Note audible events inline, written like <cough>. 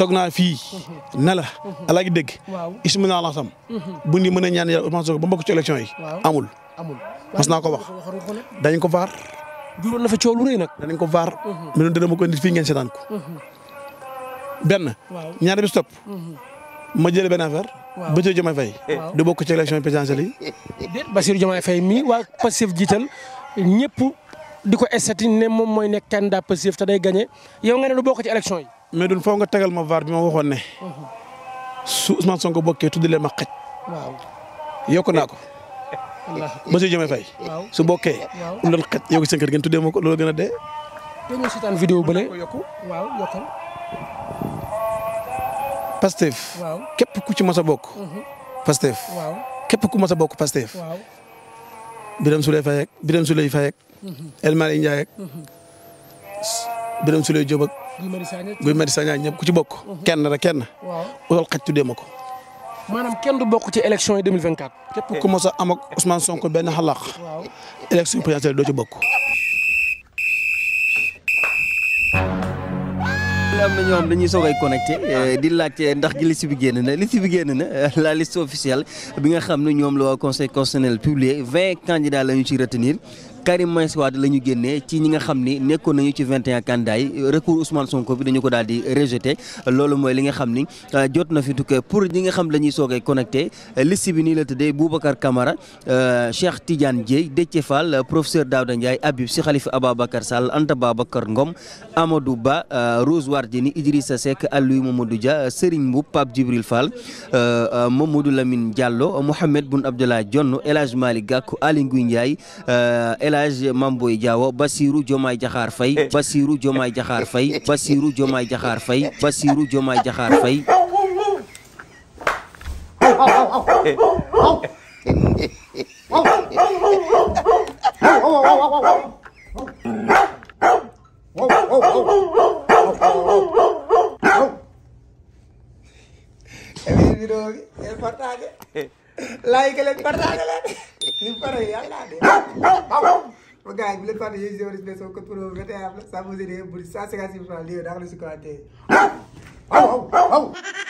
toog naa fii ne la alaa mhm. gi dégg ismina laxtam mhm. bu ñu mën a ñaan yàlla Ousmane Sonko ba mbokk ci élection yi amul mas naa ko wax dañ ko vaar juróon na fa coow lu rëy nag danañ ko vaar mi mhm. noon dana ma ko indi fii ngeen seetaan ko benn ñaari bis topp ma jëlee benn affaire Bassirou Diomaye Faye du bokk ci élection présidentielle yi déet Bassirou Diomaye Faye mii waa Pastef jiital ñëpp di ko estati ne moom mooy nekk candidat Pastef te day gagné yow nga ne du bokk ci élection yi mais duñ foo nga tegal ma vaar bi ma waxoon ne. su Ousmane Sonko bokkee tudd leen ma xaj. naa ko. monsieur Diomaye Faye. su bokkee. waaw tudd leen xaj yow ko loolu gën a dee. dañoo seetaan vidéo bële waaw yokkal. Pastef. képp ku ci mos a bokk. Pastef. waaw képp ku mos mhm. a bokk Pastef. waaw. Birame Souleye Faye ak Birame Souleye Faye mhm. Birame Souleye Diop ak Guy Marius Sagna ñëpp ku ci bokk. Mhm. kenn rek kenn. waaw loolu xaj tuddee ma ko. maanaam kenn du bokk ci élection yi 2024. képp ku mos a am ak Ousmane Sonko benn xalaq. waaw élection présidentielle doo ci bokk. am na ñoo xam dañuy soog ay connecté eh, di laajte ndax gi bi génn na liste bi génn na <laughs> la liste officielle bi nga xam ne ñoom la waa conseil constitutionnel publié vingt candidats la ñu ci retenir Karim Meïssa Wade la ñu ci ñi nga xam ni nekkoon nañu ci 21 candidats yi recours Ousmane Sonko bi dañu ko daal di rejeté loolu mooy li nga xam ni euh, jot na fi tukkee pour ñi nga xam dañuy soogay connecté liste bi nii la tëddee Boubacar Camara euh, Cheikh Tidiane Dieye Déthié Fall professeur Daouda Ndiaye Habib Sy Khalifa Ababacar Sall Anta Babacar Ngom Amadou Ba euh, Rose Wardini Idrissa Seck Aliou Mamadou Dia Serigne Mboup Pape Djibril Fall Mamadou Lamine Diallo Mohamed Boun Abdallah Dionne El Hadj Malick Gakou Aly Ngouille Ndiaye Elhadj Mame Boye Diao Bassirou Diomaye Diakhar Faye eh. <laughs> Bassirou Diomaye Diakhar Faye Bassirou Diomaye Diakhar Faye Bassirou Diomaye Diakhar Faye Like leen partage leen ba gars yi bu leen fàtte yéen si wàllu spécial code promo 21 la saa bu 156 francs lii daa ko la si ko